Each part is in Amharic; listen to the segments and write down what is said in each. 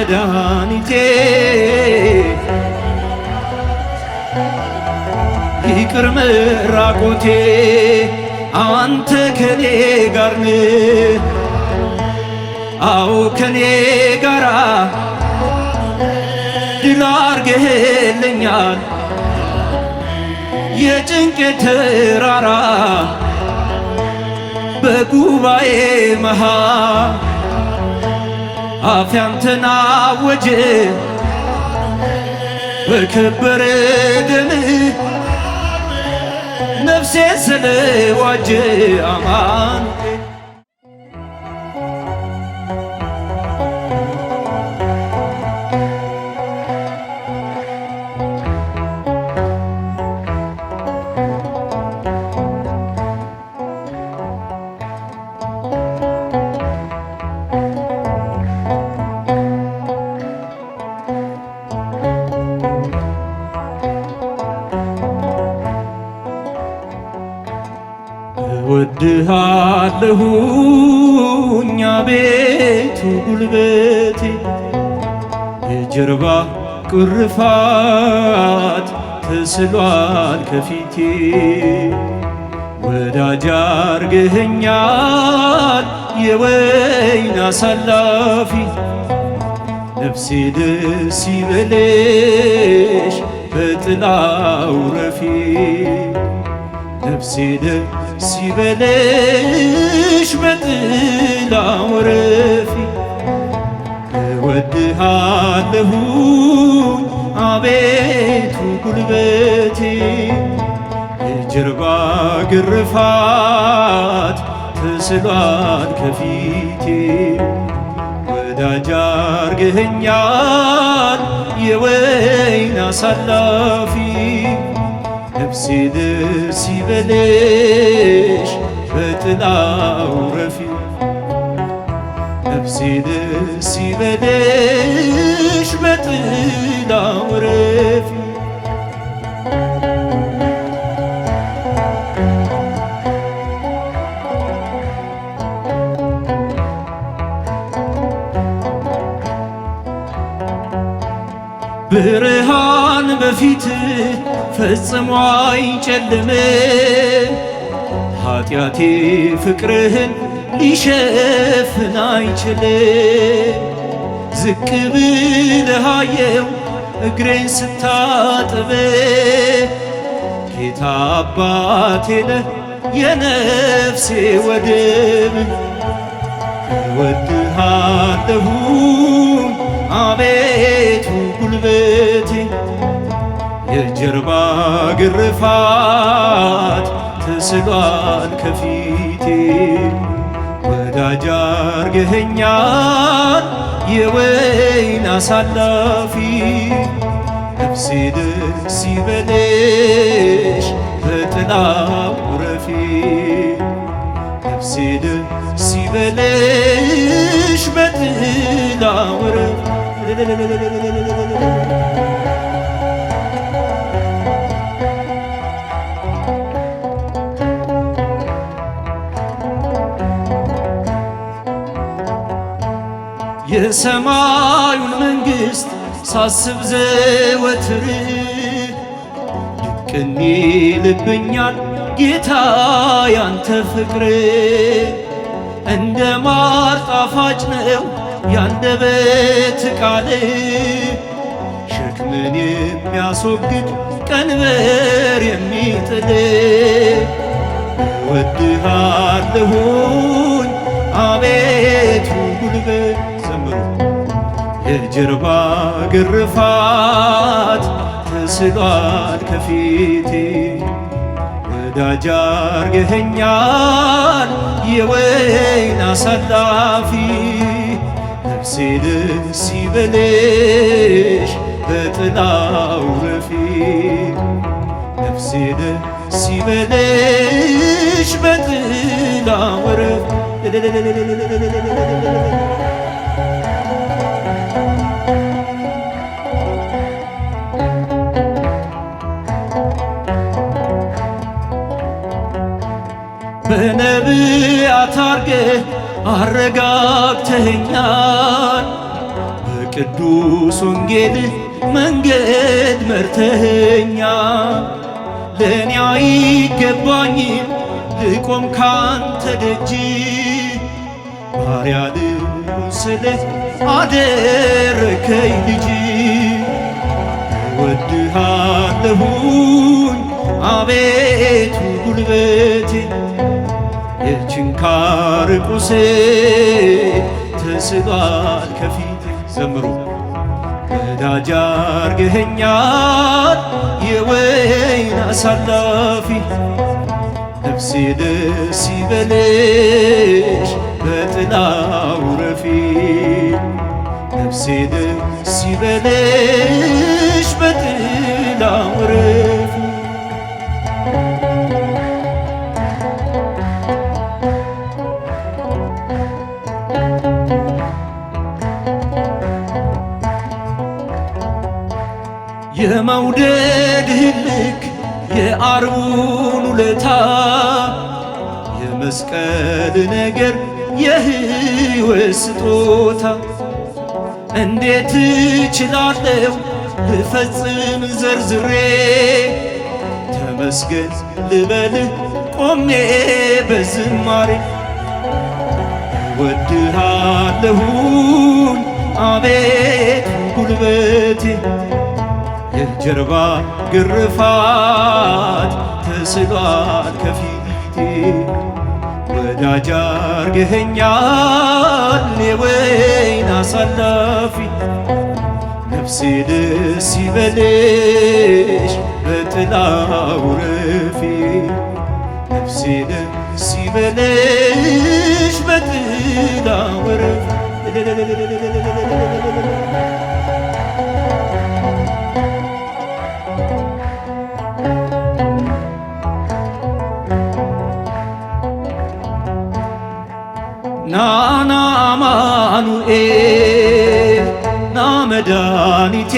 መድኃኒቴ ይቅር መራቆቴ አንተ ከኔ ጋር ነ አዎ ከኔ ጋራ ድል አርገህልኛል የጭንቅ ተራራ በጉባኤ መሃል አፍ አወጀ በከበረ ደም ነፍሴ ስለዋጀ አማን አለሁኝ አቤቱ ጉልበቴ የጀርባ ቁርፋት ተስሏል ከፊቴ ወዳጅ አርገኸኛል የወይን አሳላፊ ነፍሴ ደስ ይበልሽ በጥላው ረፊ ነፍሴ ሲበለሽ በጥላው ረፊ እወድሃለሁ አቤቱ ጉልበቴ የጀርባ ግርፋት ተስሏል ከፊቴ ወዳጅ አርገኸኛል የወይን አሳላፊ ነፍሴ ደስ ይበልሽ በጥላው ረፊ ነፍሴ ደስ በጥላው ረፊ ብርሃን በፊት ፈጽሞ አይጨልምም። ኃጢአቴ ፍቅርህን ሊሸፍን አይችልም። ዝቅ ብለህ እግሬን ስታጥብ ጌታ አባቴ ነህ የነፍሴ ወድብ እወድሃለሁ አቤቱ ጉልበቴ የጀርባ ግርፋት ተስሏል ከፊቴ ወዳጅ አርገኸኛል የወይን አሳላፊ ነፍሴ ደስ ይበልሽ በጥላው ረፊ ነፍሴ ደስ ይበልሽ በጥላው ረፊ የሰማዩን መንግሥት ሳስብ ዘወትር ድቅን ይልብኛል ጌታ ያንተ ፍቅር እንደ ማር ጣፋጭ ነው ያንደበት ቃል ሸክምን የሚያስወግድ ቀንበር የሚጥል እወድሃለሁኝ አቤቱ ጉልበት የጀርባ ግርፋት ተስሏል ከፊቴ ወዳጅ አርገኸኛል የወይን አሳላፊ ነፍሴ ደስ ይበልሽ በጥላው ረፊቅ ነፍሴ ደስ ይበልሽ በጥላው ረፊቅ ጠላት አረጋግተኛል በቅዱስ ወንጌል መንገድ መርተኛ ለእኔ አይገባኝም ልቆም ካንተ ደጅ ባሪያ ልሁን ስልህ አደረከኝ ልጅ እወድሃለሁኝ አቤቱ ጉልበቴ የችንካር ቁሴ ተስሏል ከፊት ዘምሩ ወዳጅ አርገኸኛል የወይን አሳላፊ ነፍሴ ደስ ይበልሽ በጥላው ረፊ ነፍሴ ደስ ይበልሽ በጥላው በመውደድህ ልክ የአርቡን ውለታ የመስቀል ነገር የህይወት ስጦታ እንዴት እችላለሁ ልፈጽም ዘርዝሬ ተመስገን ልበልህ ቆሜ በዝማሬ ወድሃለሁን አቤት ጉልበቴ የጀርባ ግርፋት ተስሏል ከፊቴ ወዳጅ አርገኸኛል የወይን አሳላፊ ነፍሴ ደስ ይበልሽ በጥላው ረፊ ነፍሴ ደስ ይበልሽ በጥላው ረፊ መድኃኒቴ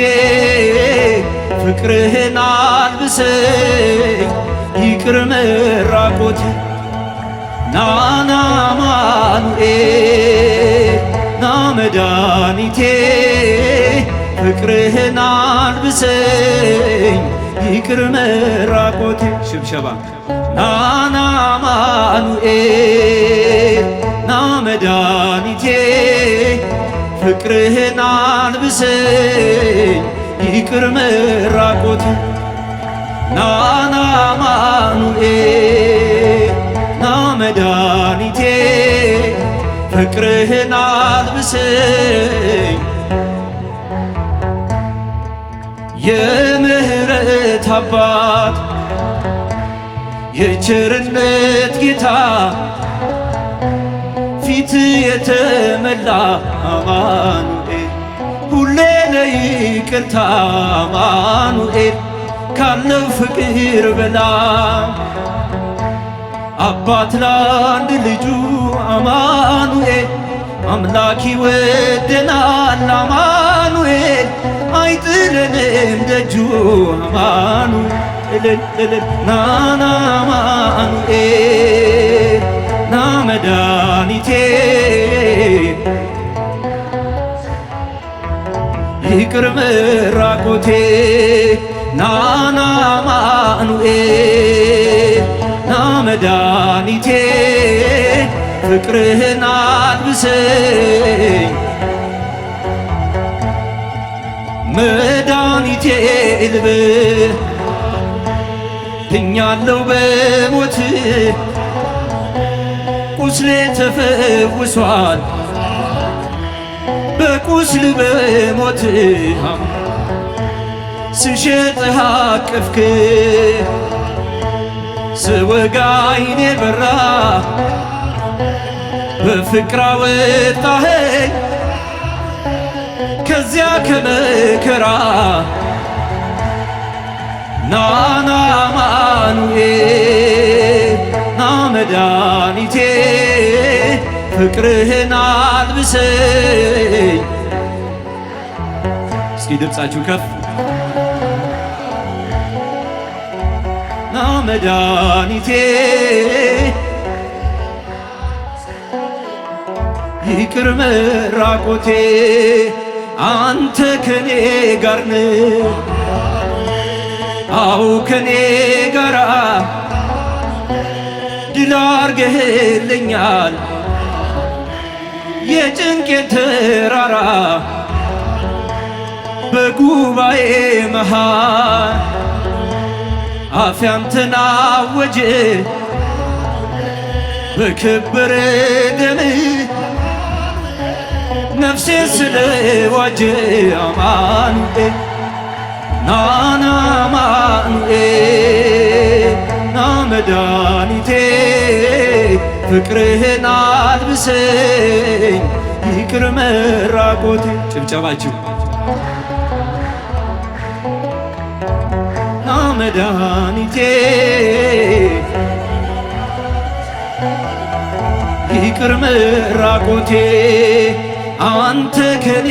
ፍቅርህን አልብሰኝ ይቅር መራቆት ናና አማኑኤል ና መድኃኒቴ ፍቅርህን አልብሰኝ ይቅር መራቆት ሽብሸባ ናና አማኑኤል ና መድኃኒቴ ፍቅርህን አልብሰኝ ይቅር መራቆት ናና አማኑኤል ና መድኃኒቴ ፍቅርህን አልብሰኝ የምህረት አባት የቸርነት ጌታ ፊት የተመላ አማኑኤል ሁሌ ለይቅርታ አማኑኤል ካለው ፍቅር በላ አባት ለአንድ ልጁ አማኑኤል አምላክ ይወደናል አማኑኤል አይጥለንም ደጁ አማኑኤል ናና አማኑኤል ና መድኃኒቴ ይቅር ምራቆቴ ናና አማኑኤል ና መድኃኒቴ ፍቅርህን አልብሰኝ መድኃኒቴ ልብ ድኛለው በሞት በቁስሌ ተፈውሷል በቁስል በሞት ስሸጥህ አቀፍክ ስወጋ አይኔ በራ በፍቅር አወጣኸኝ ከዚያ ከመከራ ናና ማኑኤል ና መድኃኒቴ ፍቅርህን አልብሰኝ። እስኪ ድምፃችሁ ከፍ ና መድኃኒቴ ይቅር መራቆቴ አንተ ከኔ ጋር ነ አው ከኔ ጋራ ድል አርገህልኛል የጭንቄ ተራራ በጉባኤ መሃል አፌ አንተን አወጀ በክብር ደም ነፍሴ ስለዋጀ አማኑኤል ናና አማኑኤል ና መድኃኒቴ ፍቅርህን አልብሰኝ ይቅር መራቆቴ። ጭብጨባችሁ ና መድኃኒቴ ይቅር መራቆቴ አንተ ከኔ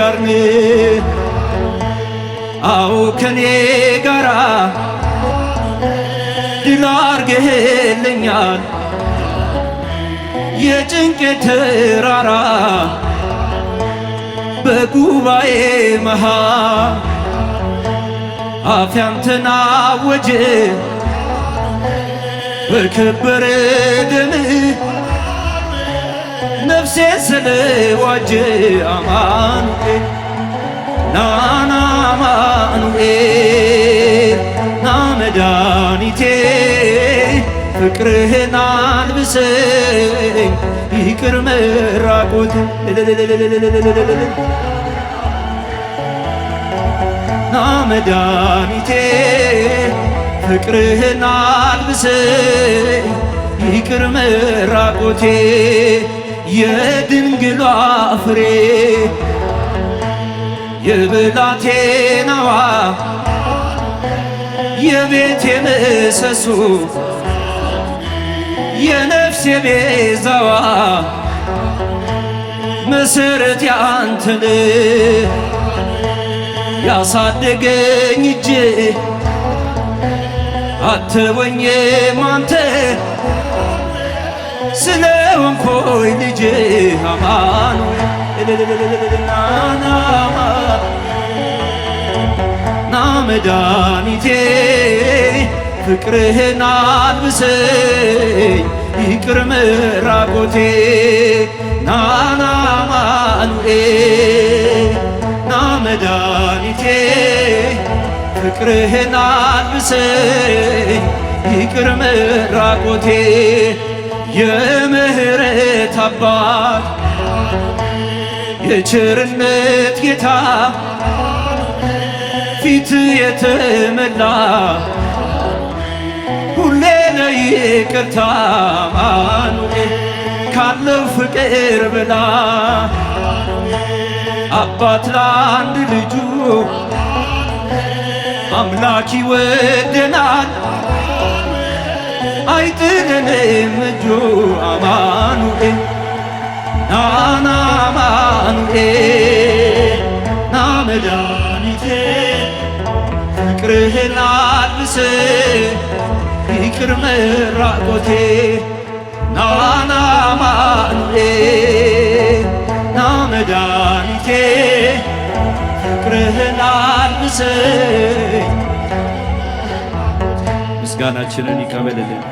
ጋር ነ አዎ ከኔ ጋራ ድል አርገህልኛል የጭንቄ ተራራ በጉባኤ መሃ አፍያም ተናወጀ በከበረ ደም ነፍሴ ስለዋጀ አማኑኤል ናና አማኑኤል ና መድኃኒቴ ፍቅርህን አልብሰኝ ይቅር መራቆት ና መድኃኒቴ ፍቅርህን አልብሰኝ ይቅር መራቆቴ የድንግሏ ፍሬ የብላቴናዋ የቤቴ ምሰሶ የነፍስ ቤዛዋ መሰረት ያንተን ያሳደገኝ እጅ ማንተ አንተ ስለሆንኩኝ ልጅ አማን መድኃኒቴ ፍቅርህን አልብሰኝ ፍቅር ምራቆቴ ናና አማኑኤል ና መድኃኒቴ ፍቅርህን አልብሰኝ ይቅር ምራቆቴ የምህረት አባት የቸርነት ጌታ ፊት የተመላ ይቅርታ አማኑኤል ካለው ፍቅር ብላ አባት ለአንድ ልጁ አምላክ ይወደናል አይጥለንም እጁ አማኑኤል ናና አማኑኤል ና መድኃኒቴ ፍቅርህን አልብሰ ይቅር መራቆቴ ናና አማኑኤል ና መድኃኒቴ ፍቅርህን አልብሰኝ ምስጋናችንን ይቀበልልን።